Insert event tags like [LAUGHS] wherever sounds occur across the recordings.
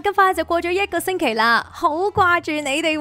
咁快就過咗一個星期啦，好掛住你哋喎。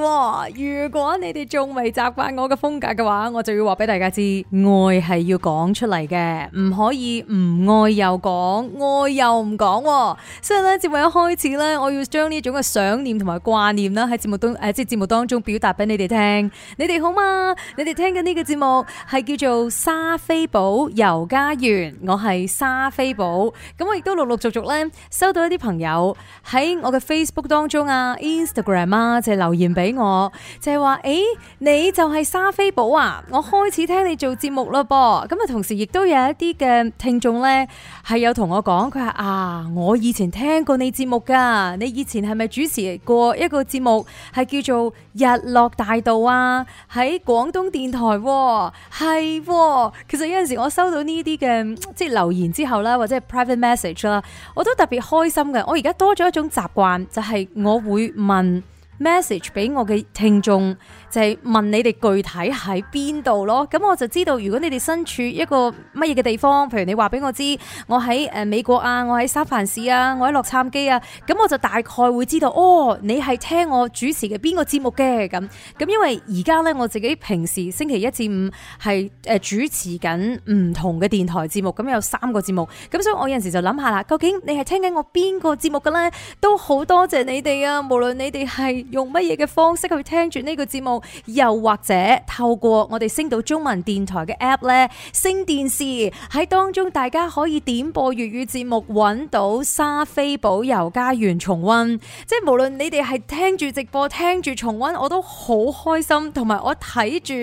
如果你哋仲未習慣我嘅風格嘅話，我就要話俾大家知，愛係要講出嚟嘅，唔可以唔愛又講，愛又唔講，哦。所以咧，節目一開始咧，我要將呢種嘅想念同埋掛念啦，喺節目當誒，即係節目當中表達俾你哋聽。你哋好嗎？你哋聽緊呢個節目係叫做莎菲寶遊加園，我係莎菲寶。咁我亦都陸陸續續咧收到一啲朋友喺我嘅。Facebook 當中啊，Instagram 啊，就係、是、留言俾我，就係、是、話：誒、欸，你就係莎菲寶啊！我開始聽你做節目咯噃。咁啊，同時亦都有一啲嘅聽眾咧，係有同我講，佢話：啊，我以前聽過你節目㗎，你以前係咪主持過一個節目，係叫做《日落大道》啊？喺廣東電台喎，係。其實有陣時我收到呢啲嘅即係留言之後啦，或者係 private message 啦，我都特別開心嘅。我而家多咗一種集。就係我會問 message 俾我嘅聽眾。就係問你哋具體喺邊度咯，咁我就知道如果你哋身處一個乜嘢嘅地方，譬如你話俾我知，我喺誒美國啊，我喺三藩市啊，我喺洛杉磯啊，咁我就大概會知道，哦，你係聽我主持嘅邊個節目嘅咁，咁因為而家咧，我自己平時星期一至五係誒主持緊唔同嘅電台節目，咁有三個節目，咁所以我有陣時就諗下啦，究竟你係聽緊我邊個節目嘅咧？都好多謝你哋啊，無論你哋係用乜嘢嘅方式去聽住呢個節目。又或者透過我哋星島中文電台嘅 App 咧，星電視喺當中，大家可以點播粵語節目，揾到莎菲寶遊加園重溫。即係無論你哋係聽住直播，聽住重溫，我都好開心。同埋我睇住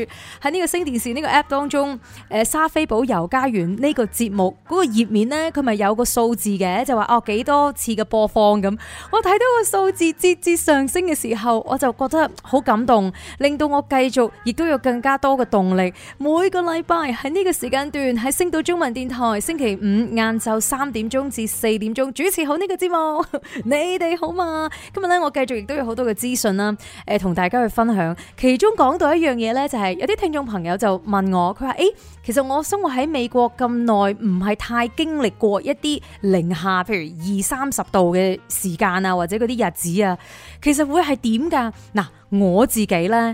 喺呢個星電視呢個 App 當中，誒莎菲寶遊加園呢個節目嗰個頁面呢，佢咪有個數字嘅，就話哦、啊、幾多次嘅播放咁。我睇到個數字節節上升嘅時候，我就覺得好感動。令到我繼續，亦都有更加多嘅動力。每個禮拜喺呢個時間段，喺星島中文電台星期五晏晝三點鐘至四點鐘主持好呢個節目， [LAUGHS] 你哋好嘛？今日咧，我繼續亦都有好多嘅資訊啦，誒，同大家去分享。其中講到一樣嘢咧，就係、是、有啲聽眾朋友就問我，佢話：誒、欸，其實我生活喺美國咁耐，唔係太經歷過一啲零下，譬如二三十度嘅時間啊，或者嗰啲日子啊，其實會係點噶？嗱，我自己咧。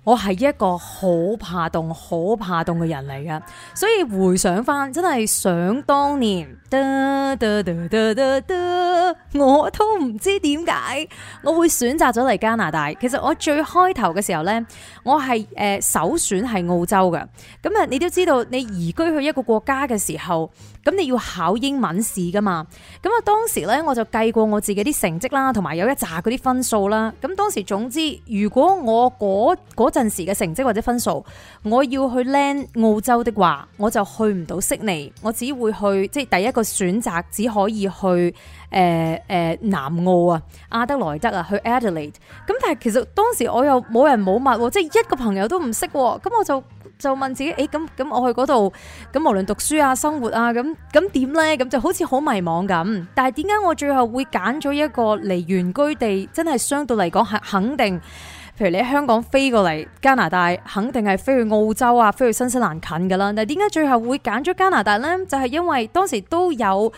我係一個好怕凍、好怕凍嘅人嚟噶，所以回想返，真係想當年，噠噠噠噠噠噠噠，我都唔知點解我會選擇咗嚟加拿大。其實我最開頭嘅時候呢，我係誒、呃、首選係澳洲嘅。咁啊，你都知道，你移居去一個國家嘅時候，咁你要考英文試噶嘛？咁啊，當時呢，我就計過我自己啲成績啦，同埋有一紮嗰啲分數啦。咁當時總之，如果我嗰陣時嘅成績或者分數，我要去 land 澳洲的話，我就去唔到悉尼，我只會去即係第一個選擇，只可以去誒誒、呃呃、南澳啊，阿德萊德啊，去 Adelaide。咁但係其實當時我又冇人冇物，即係一個朋友都唔識嘅，咁我就就問自己，誒咁咁我去嗰度，咁無論讀書啊、生活啊，咁咁點呢？咁就好似好迷茫咁。但係點解我最後會揀咗一個離原居地真係相對嚟講係肯定？譬如你喺香港飛過嚟加拿大，肯定係飛去澳洲啊，飛去新西蘭近㗎啦。但係，點解最後會揀咗加拿大咧？就係、是、因為當時都有。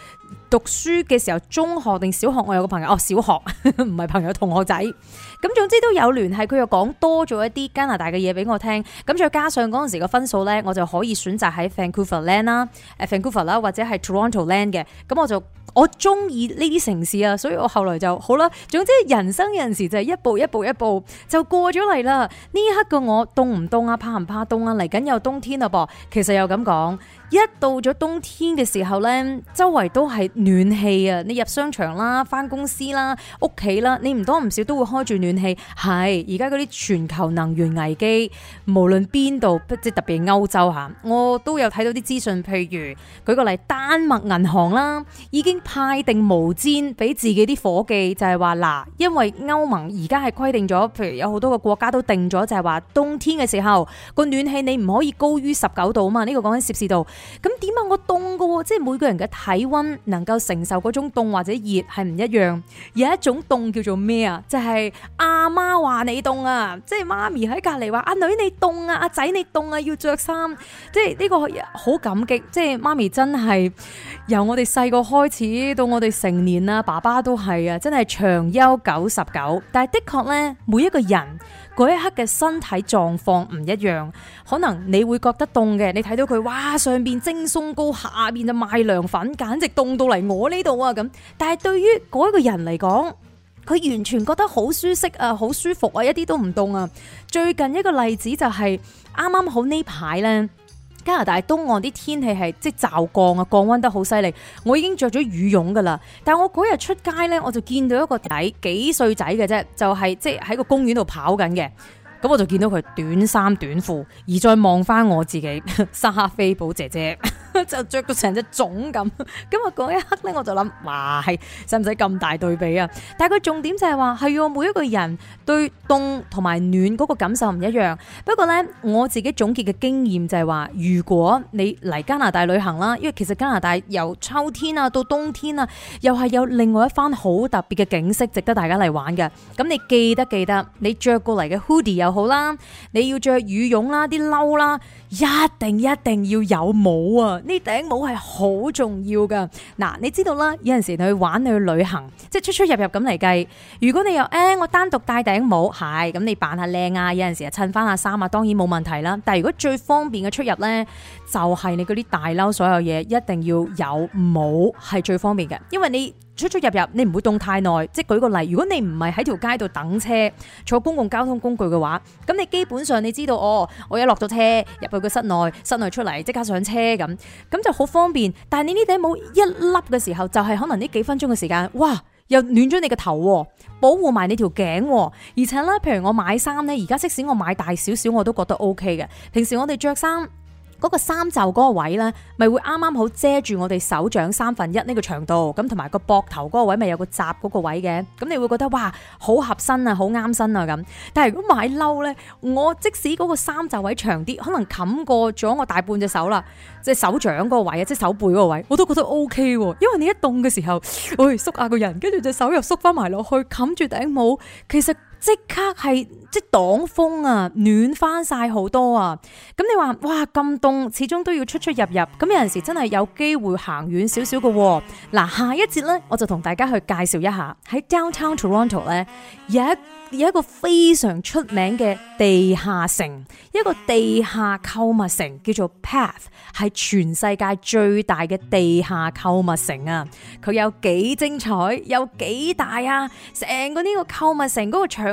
讀書嘅時候，中學定小學？我有個朋友，哦，小學唔係朋友，同學仔。咁總之都有聯繫。佢又講多咗一啲加拿大嘅嘢俾我聽。咁再加上嗰陣時個分數呢，我就可以選擇喺、啊、Vancouver land 啦，誒 Vancouver 啦，或者係 Toronto land 嘅。咁我就我中意呢啲城市啊，所以我後來就好啦。總之人生有陣時就係一步一步一步就過咗嚟啦。呢一刻嘅我凍唔凍啊？怕唔怕凍啊？嚟緊有冬天啦噃。其實又咁講。一到咗冬天嘅時候呢，周圍都係暖氣啊。你入商場啦、返公司啦、屋企啦，你唔多唔少都會開住暖氣。係而家嗰啲全球能源危機，無論邊度，即特別歐洲吓，我都有睇到啲資訊。譬如舉個例，丹麥銀行啦，已經派定毛氈俾自己啲伙計，就係話嗱，因為歐盟而家係規定咗，譬如有好多個國家都定咗，就係、是、話冬天嘅時候個暖氣你唔可以高於十九度啊嘛，呢、這個講緊攝氏度。咁點啊？我凍噶，即係每個人嘅體溫能夠承受嗰種凍或者熱係唔一樣。有一種凍叫做咩啊？就係阿媽話你凍啊，即係媽咪喺隔籬話阿女你凍啊，阿仔你凍啊，要着衫。即係呢個好感激，即係媽咪真係由我哋細個開始到我哋成年啦，爸爸都係啊，真係長休九十九。但係的確呢，每一個人。嗰一刻嘅身體狀況唔一樣，可能你會覺得凍嘅，你睇到佢哇上邊蒸鬆糕，下邊就賣涼粉，簡直凍到嚟我呢度啊咁。但係對於嗰一個人嚟講，佢完全覺得好舒適啊，好舒服啊，一啲都唔凍啊。最近一個例子就係啱啱好呢排呢。加拿大東岸啲天氣係即係驟降啊，降溫得好犀利。我已經着咗羽絨噶啦，但係我嗰日出街呢，我就見到一個仔幾歲仔嘅啫，就係即係喺個公園度跑緊嘅。咁我就見到佢短衫短褲，而再望翻我自己莎菲寶姐姐。 [LAUGHS] 就着到成隻粽咁，咁日嗰一刻咧，我就諗，哇，係使唔使咁大對比啊？但係個重點就係話，係每一個人對凍同埋暖嗰個感受唔一樣。不過呢，我自己總結嘅經驗就係話，如果你嚟加拿大旅行啦，因為其實加拿大由秋天啊到冬天啊，又係有另外一番好特別嘅景色，值得大家嚟玩嘅。咁你記得記得，你着過嚟嘅 hoodie 又好啦，你要着羽絨啦、啲褸啦，一定一定要有帽啊！呢頂帽係好重要㗎，嗱，你知道啦，有陣時你去玩，你去旅行，即係出出入入咁嚟計。如果你又誒、欸，我單獨戴頂帽，係咁你扮下靚啊，有陣時啊襯返下衫啊，當然冇問題啦。但係如果最方便嘅出入呢，就係、是、你嗰啲大褸，所有嘢一定要有帽係最方便嘅，因為你。出出入入你唔會凍太耐，即係舉個例，如果你唔係喺條街度等車坐公共交通工具嘅話，咁你基本上你知道哦，我一落咗車入去個室內，室內出嚟即刻上車咁，咁就好方便。但係你呢頂帽一笠嘅時候，就係、是、可能呢幾分鐘嘅時間，哇，又暖咗你個頭，保護埋你條頸，而且咧，譬如我買衫咧，而家即使我買大少少，我都覺得 O K 嘅。平時我哋着衫。嗰個衫袖嗰個位呢，咪會啱啱好遮住我哋手掌三分一呢個長度，咁同埋個膊頭嗰個位咪有個閘嗰個位嘅，咁你會覺得哇，好合身啊，好啱身啊咁。但係如果買褸呢，我即使嗰個衫袖位長啲，可能冚過咗我大半隻手啦，即係手掌嗰個位啊，即係手背嗰個位，我都覺得 OK 因為你一凍嘅時候，會縮下個人，跟住隻手又縮翻埋落去，冚住頂帽，其實。是即刻係即擋風啊，暖翻曬好多啊！咁你話哇，咁凍始終都要出出入入。咁有陣時候真係有機會行遠少少嘅。嗱，下一節咧，我就同大家去介紹一下喺 downtown Toronto 咧，有一有一個非常出名嘅地下城，一個地下購物城，叫做 Path，係全世界最大嘅地下購物城啊！佢有幾精彩，有幾大啊！成個呢個購物城個場。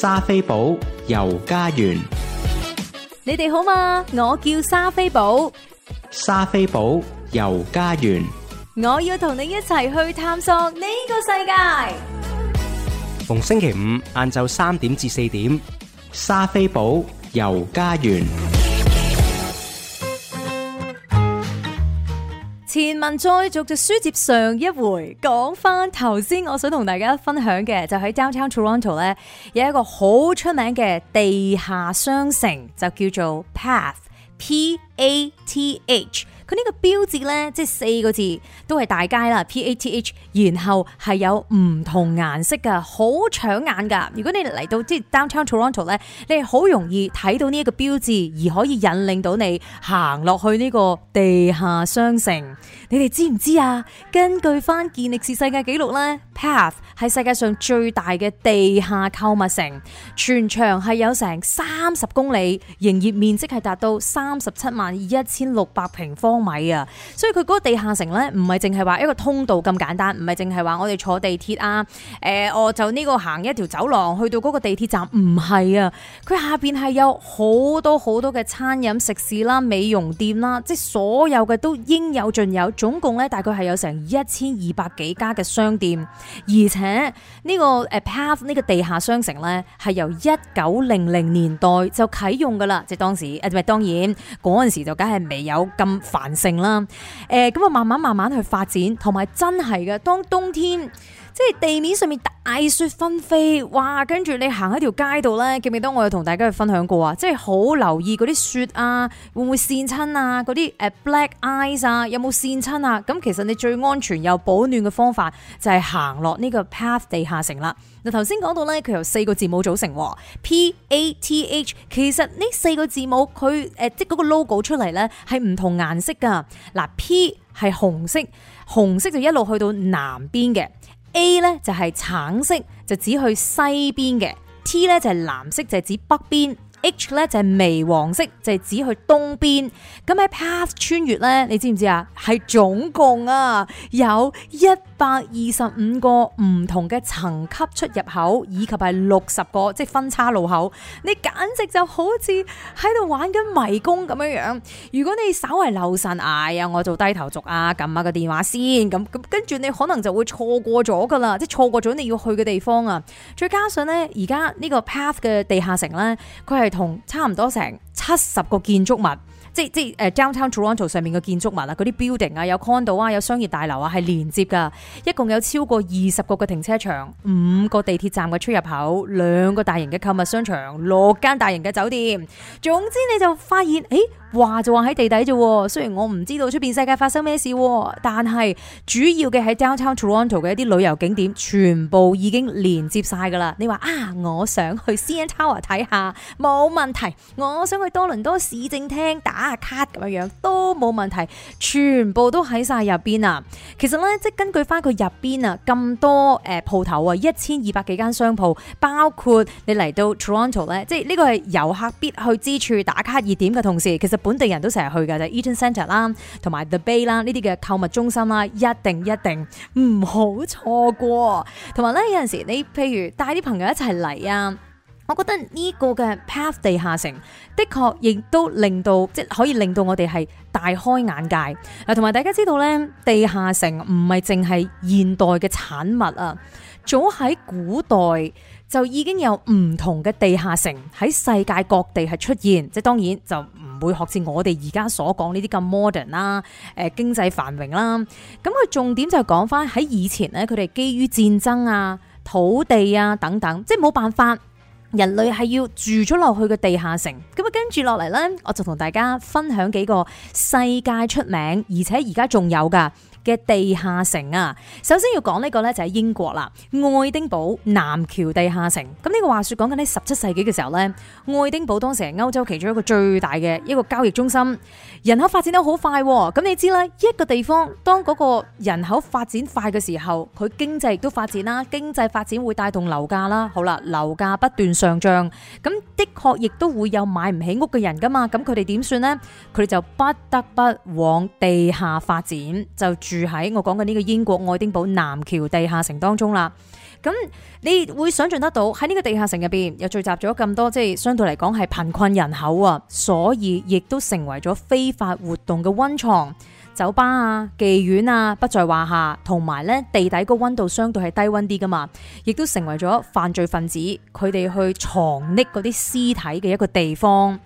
莎菲寶遊加園，你哋好嘛？我叫莎菲寶。莎菲寶遊加園，我要同你一齊去探索呢個世界。逢星期五晏晝三點至四點，莎菲寶遊加園。前文再續，就書接上一回，講返頭先，我想同大家分享嘅就喺 Downtown Toronto 咧有一個好出名嘅地下商城，就叫做 Path，P A T H。佢呢個標誌咧，即係四個字都係大街啦，P A T H，然後係有唔同顏色噶，好搶眼噶。如果你嚟到即係 Downtown Toronto 咧，你係好容易睇到呢一個標誌，而可以引領到你行落去呢個地下商城。你哋知唔知啊？根據返健力士世界紀錄咧，Path。係世界上最大嘅地下購物城，全長係有成三十公里，營業面積係達到三十七萬一千六百平方米啊！所以佢嗰個地下城呢，唔係淨係話一個通道咁簡單，唔係淨係話我哋坐地鐵啊，誒、呃，我就呢個行一條走廊去到嗰個地鐵站，唔係啊！佢下邊係有好多好多嘅餐飲食肆啦、美容店啦，即係所有嘅都應有盡有，總共呢大概係有成一千二百幾家嘅商店，而且。誒，呢個誒 path 呢個地下商城咧，係由一九零零年代就啟用噶啦，即係當時誒，唔係，當然嗰陣時就梗係未有咁繁盛啦。誒，咁啊慢慢慢慢去發展，同埋真係嘅，當冬天。即係地面上面大雪紛飛，哇！跟住你行喺條街度呢，記唔記得我有同大家去分享過啊？即係好留意嗰啲雪啊，會唔會跣親啊？嗰啲誒 black ice 啊，有冇跣親啊？咁其實你最安全又保暖嘅方法就係行落呢個 Path 地下城啦。嗱，頭先講到呢，佢由四個字母組成，P A T H。其實呢四個字母，佢誒即嗰個 logo 出嚟呢，係唔同顏色噶。嗱，P 係紅色，紅色就一路去到南邊嘅。A 咧就係橙色，就是、指去西邊嘅；T 咧就係藍色，就係、是、指北邊。H 咧就係微黃色，就係指去東邊。咁喺 path 穿越咧，你知唔知啊？係總共啊有一百二十五個唔同嘅層級出入口，以及係六十個即係分叉路口。你簡直就好似喺度玩緊迷宮咁樣樣。如果你稍為漏神，哎呀，我做低頭族啊，撳下個電話先，咁咁跟住你可能就會錯過咗噶啦，即係錯過咗你要去嘅地方啊。再加上咧，而家呢個 path 嘅地下城咧，佢係。同差唔多成七十個建築物，即即誒，Downtown Toronto 上面嘅建築物，嗰啲 building 啊，有 condo 啊，有商業大樓啊，係連接噶，一共有超過二十個嘅停車場，五個地鐵站嘅出入口，兩個大型嘅購物商場，六間大型嘅酒店，總之你就發現誒。欸話就話喺地底啫，雖然我唔知道出面世界發生咩事，但係主要嘅喺 downtown Toronto 嘅一啲旅遊景點，全部已經連接晒噶啦。你話啊，我想去 CN Tower 睇下，冇問題；我想去多倫多市政廳打下卡咁樣樣都冇問題，全部都喺晒入邊啊。其實咧，即根據翻佢入邊啊咁多誒鋪、呃、頭啊，一千二百幾間商鋪，包括你嚟到 Toronto 咧，即係呢個係遊客必去之處、打卡熱點嘅同時，其實本地人都成日去嘅就係 Eaton Centre 啦，同埋 The Bay 啦呢啲嘅購物中心啦，一定一定唔好錯過。同埋咧，有陣時你譬如帶啲朋友一齊嚟啊，我覺得呢個嘅 Path 地下城的確亦都令到即係可以令到我哋係大開眼界。嗱，同埋大家知道咧，地下城唔係淨係現代嘅產物啊，早喺古代。就已經有唔同嘅地下城喺世界各地係出現，即係當然就唔會學似我哋而家所講呢啲咁 modern 啦，誒經濟繁榮啦，咁佢重點就係講翻喺以前咧，佢哋基於戰爭啊、土地啊等等，即係冇辦法，人類係要住咗落去嘅地下城。咁啊，跟住落嚟呢，我就同大家分享幾個世界出名，而且而家仲有㗎。嘅地下城啊，首先要講呢個咧就係英國啦，愛丁堡南橋地下城。咁呢個話說講緊呢十七世紀嘅時候咧，愛丁堡當時係歐洲其中一個最大嘅一個交易中心，人口發展得好快。咁你知啦，一個地方當嗰個人口發展快嘅時候，佢經濟亦都發展啦，經濟發展會帶動樓價啦。好啦，樓價不斷上漲，咁的確亦都會有買唔起屋嘅人噶嘛。咁佢哋點算咧？佢哋就不得不往地下發展，就住。住喺我講嘅呢個英國愛丁堡南橋地下城當中啦，咁你會想象得到喺呢個地下城入邊又聚集咗咁多即係相對嚟講係貧困人口啊，所以亦都成為咗非法活動嘅溫床，酒吧啊、妓院啊不在話下，同埋咧地底個溫度相對係低溫啲噶嘛，亦都成為咗犯罪分子佢哋去藏匿嗰啲屍體嘅一個地方。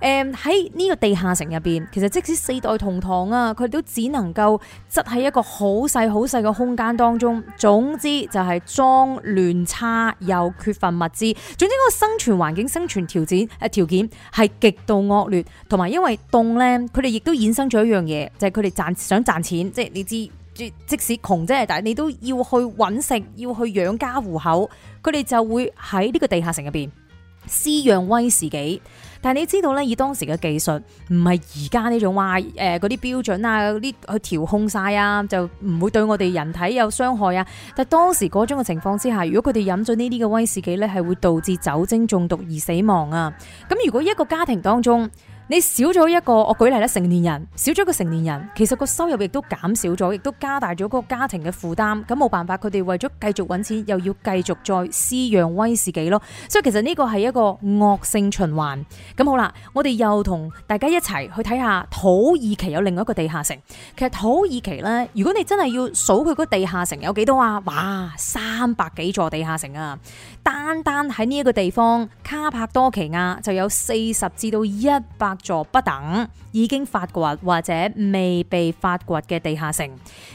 誒喺呢個地下城入邊，其實即使四代同堂啊，佢哋都只能夠擠喺一個好細好細嘅空間當中。總之就係髒亂差又缺乏物資，總之嗰個生存環境、生存條件誒條件係極度惡劣。同埋因為凍呢，佢哋亦都衍生咗一樣嘢，就係佢哋賺想賺錢。即係你知，即使窮啫，但係你都要去揾食，要去養家糊口，佢哋就會喺呢個地下城入邊施養威士忌。但係你知道咧，以當時嘅技術，唔係而家呢種話，誒嗰啲標準啊，啲去調控晒啊，就唔會對我哋人體有傷害啊。但係當時嗰種嘅情況之下，如果佢哋飲咗呢啲嘅威士忌咧，係會導致酒精中毒而死亡啊。咁如果一個家庭當中，你少咗一個，我舉例咧，成年人少咗個成年人，其實個收入亦都減少咗，亦都加大咗個家庭嘅負擔。咁冇辦法，佢哋為咗繼續揾錢，又要繼續再飼養威士忌咯。所以其實呢個係一個惡性循環。咁好啦，我哋又同大家一齊去睇下土耳其有另外一個地下城。其實土耳其呢，如果你真係要數佢個地下城有幾多啊？哇，三百幾座地下城啊！單單喺呢一個地方，卡帕多奇亞就有四十至到一百。作不等已經發掘或者未被發掘嘅地下城，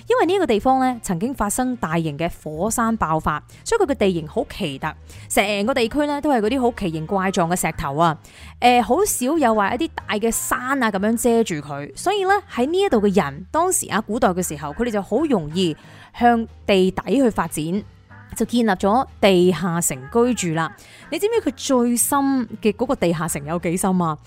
因為呢個地方咧曾經發生大型嘅火山爆發，所以佢嘅地形好奇特，成個地區咧都係嗰啲好奇形怪狀嘅石頭、呃、啊！誒，好少有話一啲大嘅山啊咁樣遮住佢，所以咧喺呢一度嘅人，當時啊古代嘅時候，佢哋就好容易向地底去發展。就建立咗地下城居住啦！你知唔知佢最深嘅嗰個地下城有幾深啊？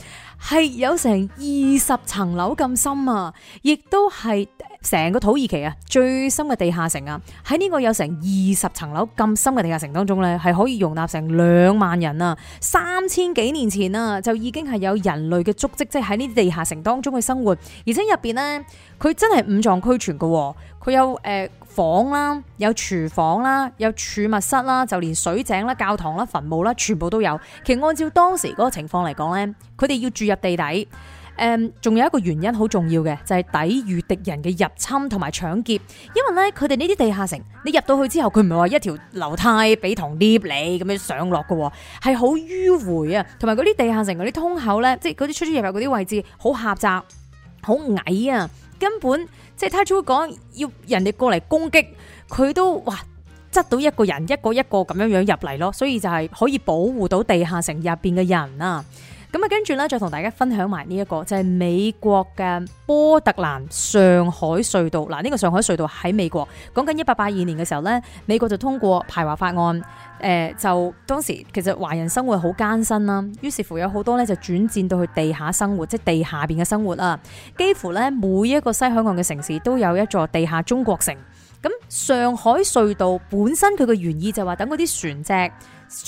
係有成二十層樓咁深啊！亦都係成個土耳其啊最深嘅地下城啊！喺呢個有成二十層樓咁深嘅地下城當中咧，係可以容納成兩萬人啊！三千幾年前啊，就已經係有人類嘅足跡，即係喺呢啲地下城當中嘅生活，而且入邊咧，佢真係五臟俱全嘅，佢有誒。呃房啦，有廚房啦，有儲物室啦，就連水井啦、教堂啦、墳墓啦，全部都有。其實按照當時嗰個情況嚟講咧，佢哋要住入地底。誒、嗯，仲有一個原因好重要嘅，就係、是、抵禦敵人嘅入侵同埋搶劫。因為咧，佢哋呢啲地下城，你入到去之後，佢唔係話一條樓梯俾堂 lift 你咁樣上落嘅，係好迂回啊。同埋嗰啲地下城嗰啲通口咧，即係嗰啲出出入入嗰啲位置，好狹窄，好矮啊，根本。即係他只會講要人哋過嚟攻擊佢都哇，執到一個人一個一個咁樣樣入嚟咯，所以就係可以保護到地下城入邊嘅人啊。咁啊，跟住咧，再同大家分享埋呢一個就係美國嘅波特蘭上海隧道。嗱，呢個上海隧道喺美國，講緊一八八二年嘅時候咧，美國就通過排華法案。誒、呃，就當時其實華人生活好艱辛啦，於是乎有好多咧就轉戰到去地下生活，即係地下邊嘅生活啦。幾乎咧，每一個西海岸嘅城市都有一座地下中國城。咁上海隧道本身，佢嘅原意就話等嗰啲船隻。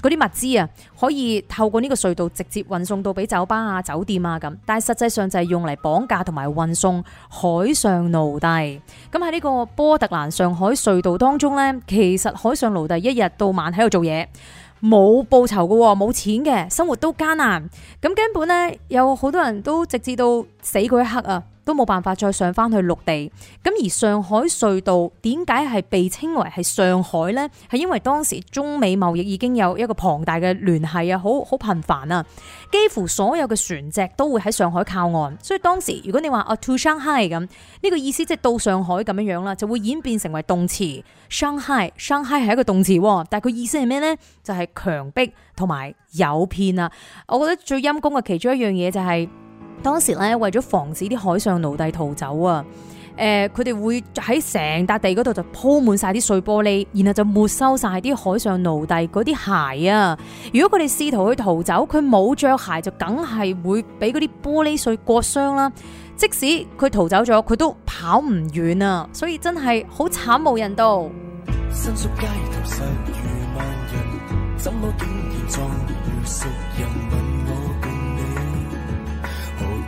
嗰啲物資啊，可以透過呢個隧道直接運送到俾酒吧啊、酒店啊咁，但係實際上就係用嚟綁架同埋運送海上奴隸。咁喺呢個波特蘭上海隧道當中呢，其實海上奴隸一日到晚喺度做嘢，冇報酬噶，冇錢嘅，生活都艱難。咁根本呢，有好多人都直至到死嗰一刻啊！都冇辦法再上翻去陸地。咁而上海隧道點解係被稱為係上海呢？係因為當時中美貿易已經有一個龐大嘅聯繫啊，好好頻繁啊，幾乎所有嘅船隻都會喺上海靠岸。所以當時如果你話啊 to Shanghai 咁，呢個意思即係到上海咁樣樣啦，就會演變成為動詞 Shanghai。Shanghai 係一個動詞，但佢意思係咩呢？就係強迫同埋誘騙啊！我覺得最陰功嘅其中一樣嘢就係。當時咧，為咗防止啲海上奴隸逃走啊，誒，佢哋會喺成笪地嗰度就鋪滿晒啲碎玻璃，然後就沒收晒啲海上奴隸嗰啲鞋啊。如果佢哋試圖去逃走，佢冇着鞋就梗係會俾嗰啲玻璃碎割傷啦。即使佢逃走咗，佢都跑唔遠啊。所以真係好慘無人道。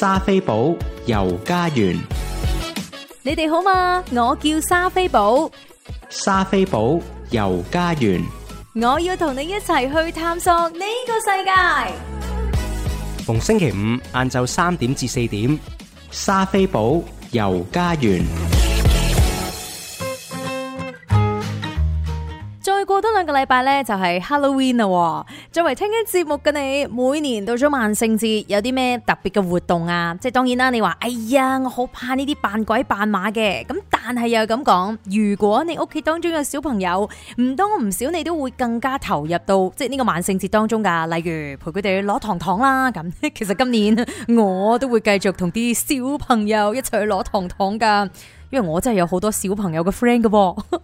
莎菲寶遊加園，你哋好嘛？我叫莎菲寶，莎菲寶遊加園，我要同你一齊去探索呢個世界。逢星期五晏晝三點至四點，莎菲寶遊加園。多兩個禮拜咧，就係 Halloween 喎。作為聽緊節目嘅你，每年到咗萬聖節有啲咩特別嘅活動啊？即係當然啦，你話，哎呀，我好怕呢啲扮鬼扮馬嘅。咁但係又咁講，如果你屋企當中嘅小朋友唔多唔少，你都會更加投入到即係呢個萬聖節當中噶。例如陪佢哋去攞糖糖啦。咁其實今年我都會繼續同啲小朋友一齊去攞糖糖噶。因為我真係有好多小朋友嘅 friend 嘅噃，咁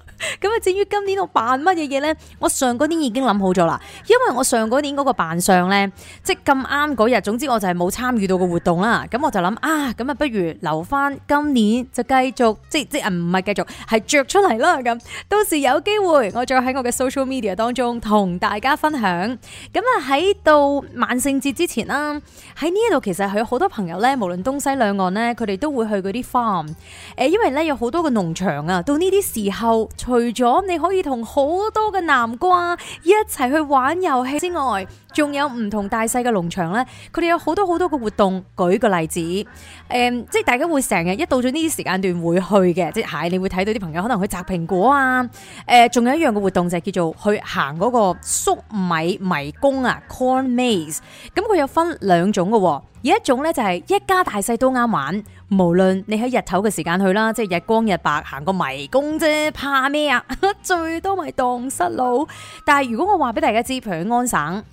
啊至於今年我扮乜嘢嘢呢？我上嗰年已經諗好咗啦，因為我上嗰年嗰個扮相呢，即係咁啱嗰日，總之我就係冇參與到個活動啦。咁我就諗啊，咁啊不如留翻今年就繼續，即即唔係繼續係着出嚟啦。咁到時有機會我再喺我嘅 social media 當中同大家分享。咁啊喺到萬聖節之前啦，喺呢一度其實佢好多朋友呢，無論東西兩岸呢，佢哋都會去嗰啲 farm，誒因為。有好多個農場啊！到呢啲時候，除咗你可以同好多嘅南瓜一齊去玩遊戲之外，仲有唔同大細嘅農場呢。佢哋有好多好多嘅活動。舉個例子，誒、呃，即係大家會成日一到咗呢啲時間段會去嘅，即係你會睇到啲朋友可能去摘蘋果啊。誒、呃，仲有一樣嘅活動就係叫做去行嗰個粟米迷宮啊 （Corn Maze）。咁佢有分兩種嘅，有一種呢就係一家大細都啱玩。無論你喺日頭嘅時間去啦，即係日光日白行個迷宮啫，怕咩啊？最多咪蕩失路。但係如果我話俾大家知，譬如喺安省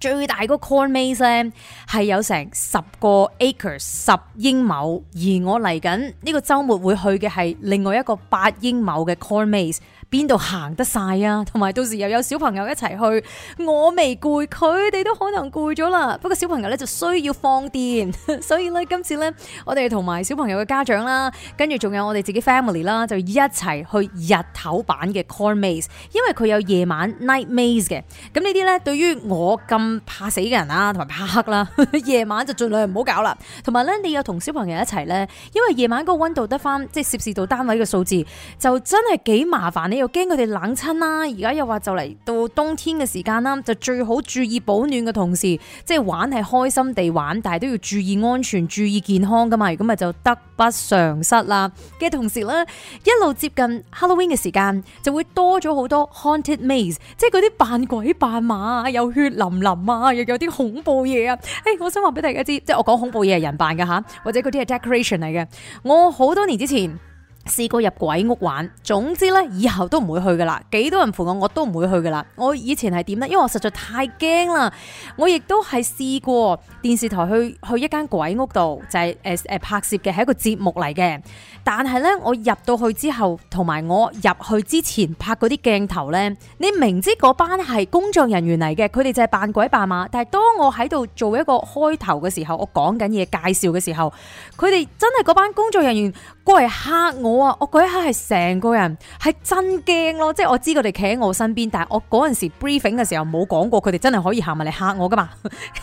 最大個 Corn Maze 咧，係有成十個 acres 十英畝，而我嚟緊呢個周末會去嘅係另外一個八英畝嘅 Corn Maze。邊度行得晒啊？同埋到時又有小朋友一齊去，我未攰，佢哋都可能攰咗啦。不過小朋友咧就需要放電，所以咧今次咧，我哋同埋小朋友嘅家長啦，跟住仲有我哋自己 family 啦，就一齊去日頭版嘅 Corn Maze，因為佢有夜晚 Night Maze 嘅。咁呢啲咧，對於我咁怕死嘅人啊，同埋怕黑啦，夜晚就盡量唔好搞啦。同埋咧，你又同小朋友一齊咧，因為夜晚嗰個溫度得返，即係攝氏度單位嘅數字，就真係幾麻煩呢。又驚佢哋冷親啦，而家又話就嚟到冬天嘅時間啦，就最好注意保暖嘅同時，即係玩係開心地玩，但係都要注意安全、注意健康噶嘛，如果咪就得不償失啦。嘅同時咧，一路接近 Halloween 嘅時間，就會多咗好多 Haunted Maze，即係嗰啲扮鬼扮馬，有血淋淋啊，又有啲恐怖嘢啊。誒、欸，我想話俾大家知，即係我講恐怖嘢係人扮㗎吓，或者嗰啲係 Decoration 嚟嘅。我好多年之前，試過入鬼屋玩，總之咧以後都唔會去噶啦，幾多人陪我我都唔會去噶啦。我以前係點咧？因為我實在太驚啦。我亦都係試過電視台去去一間鬼屋度，就係誒誒拍攝嘅，係一個節目嚟嘅。但係咧，我入到去之後，同埋我入去之前拍嗰啲鏡頭咧，你明知嗰班係工作人員嚟嘅，佢哋就係扮鬼扮馬。但係當我喺度做一個開頭嘅時候，我講緊嘢介紹嘅時候，佢哋真係嗰班工作人員過嚟嚇我。我嗰一刻係成個人係真驚咯，即係我知佢哋企喺我身邊，但係我嗰陣時 briefing 嘅時候冇講過佢哋真係可以行埋嚟嚇我㗎嘛，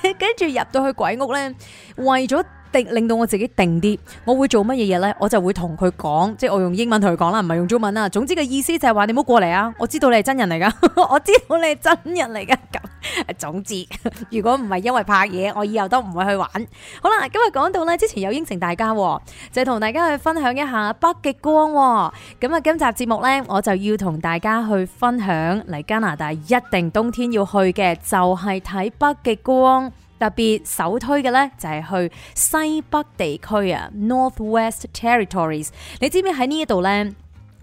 跟住入到去鬼屋咧，為咗。令到我自己定啲，我會做乜嘢嘢呢？我就會同佢講，即係我用英文同佢講啦，唔係用中文啦。總之嘅意思就係話你唔好過嚟啊！我知道你係真人嚟噶， [LAUGHS] 我知道你係真人嚟噶。咁總之，如果唔係因為拍嘢，我以後都唔會去玩。好啦，今日講到呢，之前有應承大家，就係同大家去分享一下北極光。咁啊，今集節目呢，我就要同大家去分享嚟加拿大一定冬天要去嘅，就係睇北極光。特別首推嘅咧，就係去西北地區啊，Northwest Territories。你知唔知喺呢一度咧？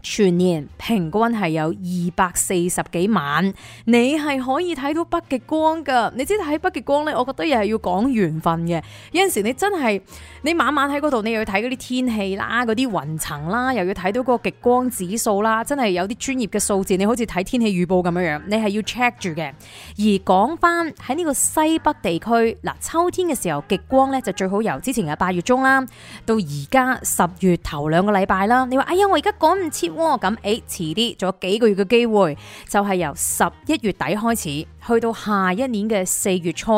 全年平均係有二百四十幾晚，你係可以睇到北極光噶。你知睇北極光呢，我覺得又係要講緣分嘅。有陣時你真係你晚晚喺嗰度，你又要睇嗰啲天氣啦，嗰啲雲層啦，又要睇到嗰個極光指數啦，真係有啲專業嘅數字，你好似睇天氣預報咁樣樣，你係要 check 住嘅。而講翻喺呢個西北地區，嗱秋天嘅時候極光呢，就最好由之前嘅八月中啦，到而家十月頭兩個禮拜啦。你話哎呀，我而家趕唔切。咁，哎、嗯，遲啲仲有幾個月嘅機會，就係由十一月底開始。去到下一年嘅四月初，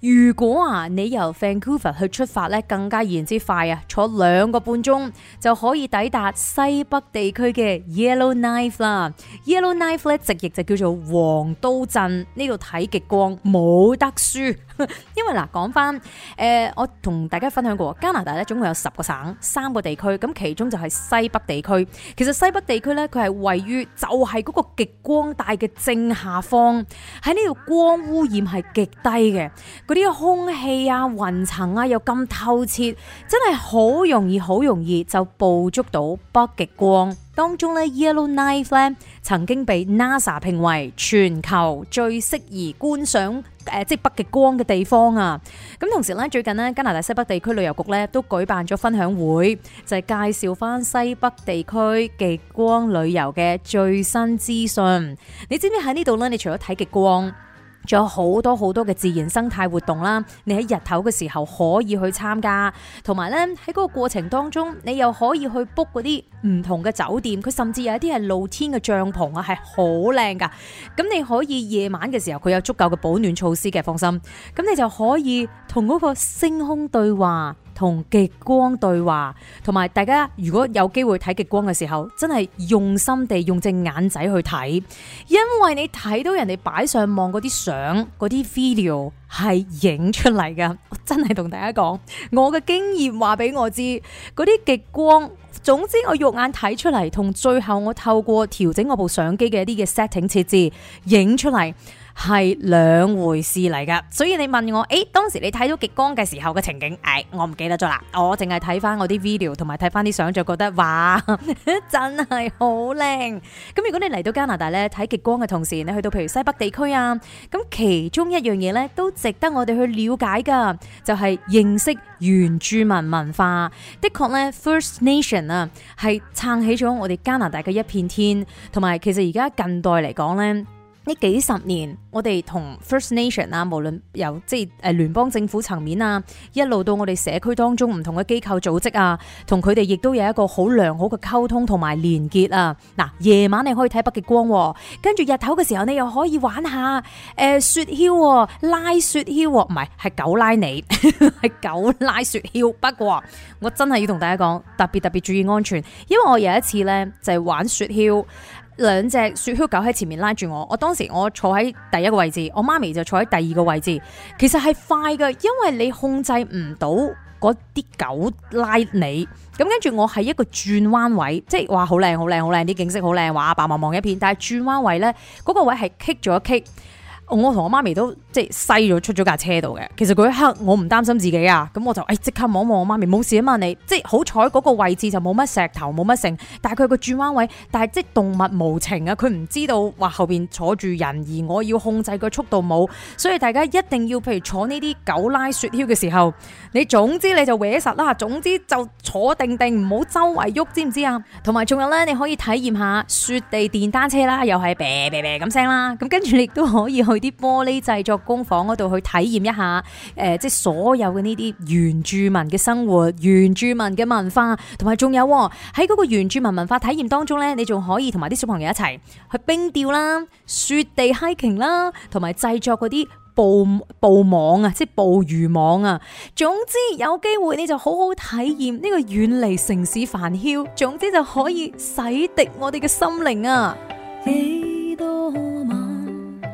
如果啊你由 Vancouver 去出發咧，更加然之快啊！坐兩個半鐘就可以抵達西北地區嘅 Yellowknife 啦。Yellowknife 咧，直譯就叫做黃刀鎮，呢度睇極光冇得輸， [LAUGHS] 因為嗱，講翻誒我同大家分享過加拿大咧總共有十個省、三個地區，咁其中就係西北地區，其實西北地區咧，佢係位於就係個極光帶嘅正下方，喺呢。呢個光污染係極低嘅，嗰啲空氣啊、雲層啊又咁透徹，真係好容易、好容易就捕捉到北極光。當中呢 Yellowknife 咧曾經被 NASA 評為全球最適宜觀賞。誒，即北極光嘅地方啊！咁同時咧，最近呢，加拿大西北地區旅遊局咧都舉辦咗分享會，就係介紹翻西北地區極光旅遊嘅最新資訊。你知唔知喺呢度咧？你除咗睇極光？仲有好多好多嘅自然生態活動啦！你喺日頭嘅時候可以去參加，同埋呢，喺嗰個過程當中，你又可以去 book 嗰啲唔同嘅酒店，佢甚至有一啲係露天嘅帳篷啊，係好靚噶！咁你可以夜晚嘅時候，佢有足夠嘅保暖措施嘅，放心。咁你就可以同嗰個星空對話。同極光對話，同埋大家如果有機會睇極光嘅時候，真係用心地用隻眼仔去睇，因為你睇到人哋擺上網嗰啲相，嗰啲 video 係影出嚟噶。我真係同大家講，我嘅經驗話俾我知，嗰啲極光，總之我肉眼睇出嚟，同最後我透過調整我部相機嘅一啲嘅 setting 設置，影出嚟。係兩回事嚟噶，所以你問我，誒、欸，當時你睇到極光嘅時候嘅情景，誒，我唔記得咗啦，我淨係睇翻,我啲 video 同埋睇翻啲相就覺得，哇，真係好靚。咁如果你嚟到加拿大咧睇極光嘅同時，你去到譬如西北地區啊，咁其中一樣嘢咧都值得我哋去了解噶，就係、是、認識原住民文化。的確咧，First Nation 啊，係撐起咗我哋加拿大嘅一片天，同埋其實而家近代嚟講咧。呢幾十年，我哋同 First Nation 啊，無論由即係呃聯邦政府層面啊，一路到我哋社區當中唔同嘅機構組織啊，同佢哋亦都有一個好良好嘅溝通同埋連結啊。嗱，夜晚你可以睇北極光，跟住日頭嘅時候你又可以玩下、呃、雪橇、哦，拉雪橇、哦，唔係，係狗拉你，係 [LAUGHS] 狗拉雪橇。不過我真係要同大家講，特別特別注意安全，因為我有一次呢，就係、係、玩雪橇。兩隻雪橇狗喺前面拉住我，我當時我坐喺第一個位置，我媽咪就坐喺第二個位置。其實係快嘅，因為你控制唔到嗰啲狗拉你，咁跟住我係一個轉彎位，即係話好靚好靚好靚，啲景色好靚哇，白茫茫一片，但係轉彎位呢，嗰、嗰個位係 kick 咗一 kick。我同我媽咪都即係西咗出咗架車度嘅。其實嗰一刻我唔擔心自己啊，咁我就誒即刻望望我媽咪，冇事啊嘛你，即係好彩嗰個位置就冇乜石頭冇乜剩。但係佢個轉彎位，但係即係動物無情啊，佢唔知道話後邊坐住人，而我要控制個速度冇，所以大家一定要譬如坐呢啲狗拉雪橇嘅時候，你總之你就搲實啦，總之就坐定定，唔好周圍喐，知唔知啊？同埋仲有咧，你可以體驗下雪地電單車啦，又係啤啤啤咁聲啦，咁跟住你都可以去啲玻璃製作工房嗰度去體驗一下，誒，即係所有嘅呢啲原住民嘅生活、原住民嘅文化，同埋仲有喺嗰個原住民文化體驗當中呢，你仲可以同埋啲小朋友一齊去冰釣啦、雪地 hiking 啦，同埋製作嗰啲捕捕網啊，即係捕魚網啊。總之有機會你就好好體驗呢個遠離城市繁囂，總之就可以洗滌我哋嘅心靈啊。嗯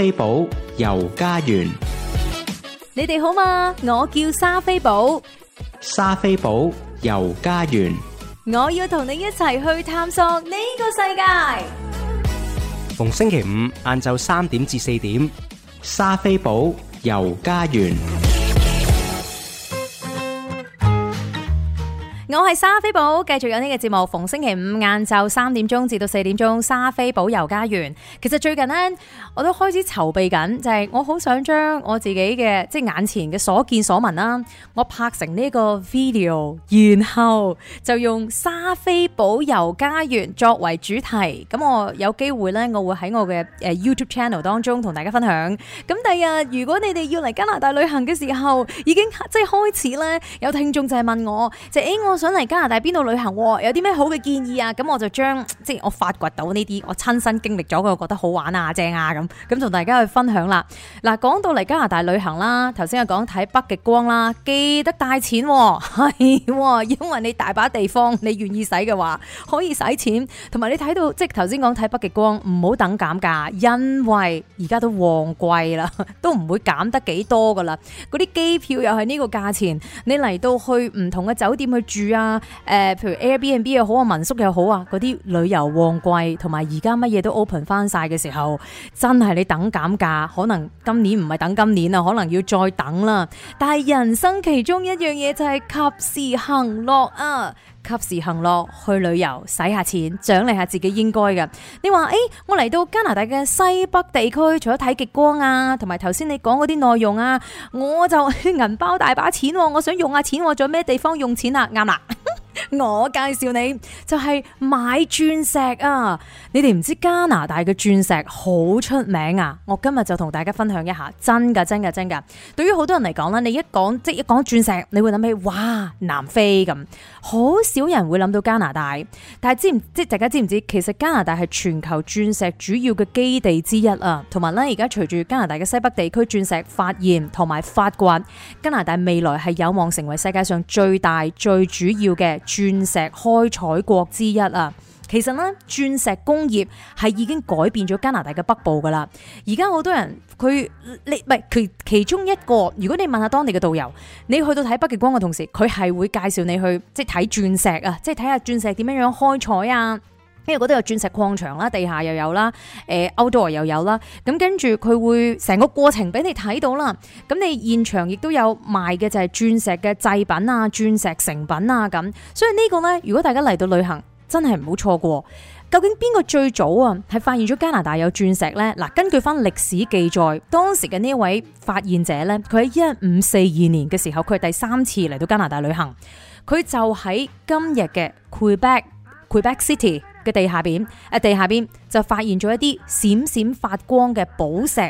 莎菲寶遊加園，你哋好嘛？我叫莎菲寶，莎菲寶遊加園，我要同你一齊去探索呢個世界。逢星期五晏晝三點至四點，莎菲寶遊加園。我係莎菲寶，繼續有呢個節目，逢星期五晏晝三點鐘至到四點鐘，莎菲寶遊加園。其實最近呢，我都開始籌備緊，就係、是、我好想將我自己嘅即係眼前嘅所見所聞啦，我拍成呢個 video，然後就用莎菲寶遊加園作為主題。咁我有機會呢，我會喺我嘅 YouTube channel 當中同大家分享。咁第日如果你哋要嚟加拿大旅行嘅時候，已經即係開始呢，有聽眾就係問我，就誒我。想嚟加拿大邊度旅行？有啲咩好嘅建議啊？咁我就將即係我發掘到呢啲，我親身經歷咗佢，我覺得好玩啊、正啊咁，咁同大家去分享啦。嗱，講到嚟加拿大旅行啦，頭先又講睇北極光啦，記得帶錢，哦，係哇，哦，因為你大把地方，你願意使嘅話可以使錢。同埋你睇到，即係頭先講睇北極光，唔好等減價，因為而家都旺季啦，都唔會減得幾多噶啦。嗰啲機票又係呢個價錢，你嚟到去唔同嘅酒店去住。啊，誒，譬如 Airbnb 又好啊，民宿又好啊，嗰啲旅遊旺季同埋而家乜嘢都 open 翻晒嘅時候，真係你等減價，可能今年唔係等今年啦，可能要再等啦。但係人生其中一樣嘢就係及時行樂啊！及時行樂，去旅遊，使下錢，獎勵下自己應該嘅。你話誒、欸，我嚟到加拿大嘅西北地區，除咗睇極光啊，同埋頭先你講嗰啲內容啊，我就銀包大把錢，我想用下錢，仲有咩地方用錢啊？啱啦。我介紹你就係買鑽石啊！你哋唔知加拿大嘅鑽石好出名啊！我今日就同大家分享一下，真噶真噶真噶！對於好多人嚟講咧，你一講即一講鑽石，你會諗起哇南非咁，好少人會諗到加拿大。但係知唔即大家知唔知？其實加拿大係全球鑽石主要嘅基地之一啊！同埋呢，而家隨住加拿大嘅西北地區鑽石發現同埋發掘，加拿大未來係有望成為世界上最大最主要嘅。鑽石開採國之一啊，其實咧，鑽石工業係已經改變咗加拿大嘅北部噶啦。而家好多人佢你唔係其其中一個，如果你問下當地嘅導遊，你去到睇北極光嘅同時，佢係會介紹你去即係睇鑽石啊，即係睇下鑽石點樣樣開採啊。因為嗰度有鑽石礦場啦，地下又有啦，誒歐多又有啦，咁跟住佢會成個過程俾你睇到啦。咁你現場亦都有賣嘅就係鑽石嘅製品啊、鑽石成品啊咁，所以呢個呢，如果大家嚟到旅行，真係唔好錯過。究竟邊個最早啊？係發現咗加拿大有鑽石呢？嗱，根據翻歷史記載，當時嘅呢一位發現者呢，佢喺一五四二年嘅時候，佢係第三次嚟到加拿大旅行，佢就喺今日嘅 Quebec Quebec City。嘅地下邊，誒地下邊就發現咗一啲閃閃發光嘅寶石，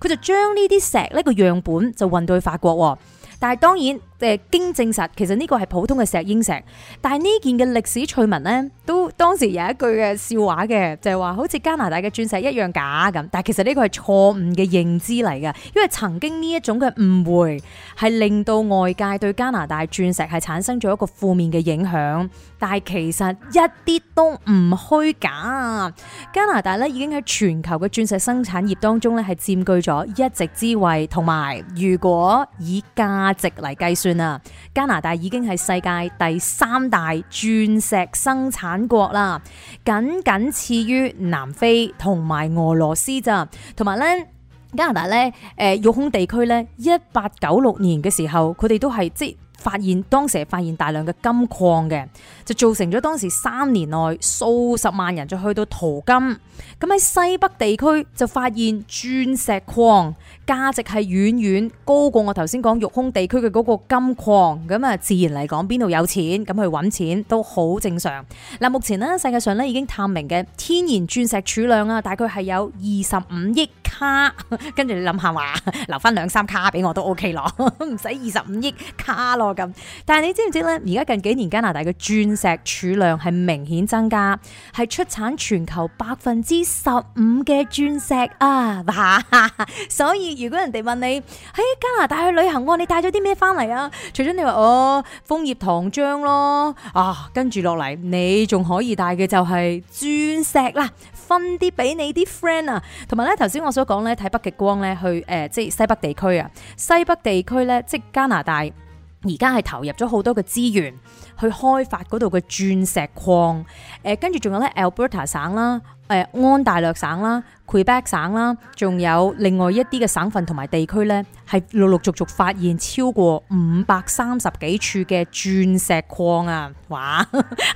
佢就將呢啲石呢個樣本就運到去法國。但係當然誒經證實，其實呢個係普通嘅石英石。但係呢件嘅歷史趣聞呢，都當時有一句嘅笑話嘅，就係話好似加拿大嘅鑽石一樣假咁。但係其實呢個係錯誤嘅認知嚟嘅，因為曾經呢一種嘅誤會係令到外界對加拿大鑽石係產生咗一個負面嘅影響。但其實一啲都唔虛假。加拿大咧已經喺全球嘅鑽石生產業當中咧係佔據咗一席之位，同埋如果以價值嚟計算啊，加拿大已經係世界第三大鑽石生產國啦，僅僅次於南非同埋俄羅斯咋。同埋咧，加拿大咧，誒育空地區咧，一八九六年嘅時候佢哋都係即。發現當時發現大量嘅金礦嘅，就造成咗當時三年內數十萬人就去到淘金。咁喺西北地區就發現鑽石礦，價值係遠遠高過我頭先講育空地區嘅嗰個金礦。咁啊，自然嚟講邊度有錢咁去搵錢都好正常。嗱，目前呢，世界上咧已經探明嘅天然鑽石儲量啊，大概係有二十五億。卡，跟住你諗下話，留翻兩三卡俾我都 OK 咯，唔使二十五億卡咯咁。但係你知唔知呢？而家近幾年加拿大嘅鑽石儲量係明顯增加，係出產全球百分之十五嘅鑽石啊，啊！所以如果人哋問你喺、哎、加拿大去旅行，你帶咗啲咩翻嚟啊？除咗你話哦楓葉糖漿咯，啊跟住落嚟你仲可以帶嘅就係鑽石啦。分啲俾你啲 friend 啊，同埋咧，頭先我所講咧，睇北極光咧，去誒，即係西北地區啊，西北地區咧，即係加拿大，而家係投入咗好多嘅資源去開發嗰度嘅鑽石礦，誒，跟住仲有咧 Alberta 省啦，誒安大略省啦。魁北克省啦，仲有另外一啲嘅省份同埋地區咧，係陸陸續續發現超過五百三十幾處嘅鑽石礦啊！哇，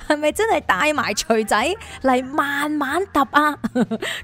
係咪真係帶埋錘仔嚟慢慢揼啊？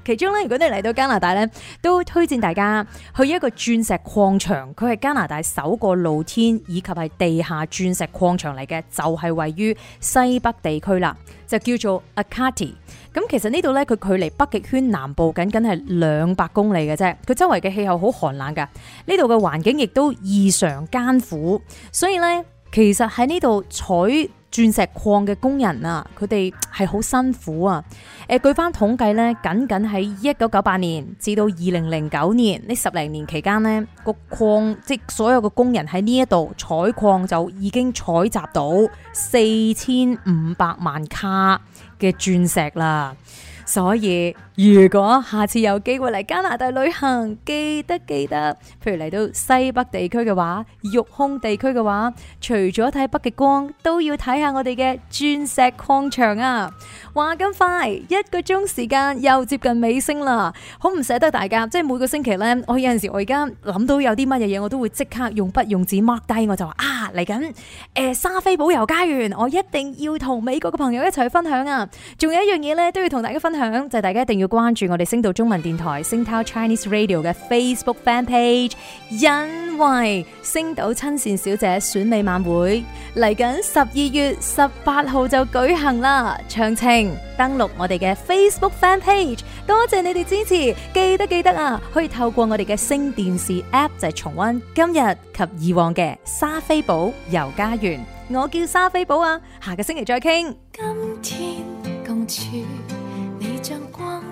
其中咧，如果你嚟到加拿大咧，都推薦大家去一個鑽石礦場，佢係加拿大首個露天以及係地下鑽石礦場嚟嘅，就係、是、位於西北地區啦，就叫做 Ekati。咁其實呢度咧，佢距離北極圈南部僅僅。係兩百公里嘅啫，佢周圍嘅氣候好寒冷噶，呢度嘅環境亦都異常艱苦，所以呢，其實喺呢度採鑽石礦嘅工人啊，佢哋係好辛苦啊！誒，據翻統計呢，僅僅喺一九九八年至到二零零九年呢十零年期間呢，個礦即所有嘅工人喺呢一度採礦就已經採集到四千五百萬卡嘅鑽石啦，所以。如果下次有機會嚟加拿大旅行，記得記得，譬如嚟到西北地區嘅話，育空地區嘅話，除咗睇北極光，都要睇下我哋嘅鑽石礦場啊！話咁快，一個鐘時，時間又接近尾聲啦，好唔捨得大家。即係每個星期呢，我有陣時候我而家諗到有啲乜嘢嘢，我都會即刻用筆用紙 mark 低，我就話啊，嚟緊，呃、莎菲寶遊加園，我一定要同美國嘅朋友一齊分享啊！仲有一樣嘢呢，都要同大家分享，就係、是、大家一定要。要關注我哋星島中文電台星島 Chinese Radio 嘅 Facebook Fan Page，因為星島親善小姐選美晚會嚟緊十二月十八號就舉行啦！詳情登錄我哋嘅 Facebook Fan Page，多謝你哋支持。記得記得啊，可以透過我哋嘅星電視 App 就重溫今日及以往嘅莎菲寶遊加園。我叫莎菲寶啊，下個星期再傾。今天共處，你將光。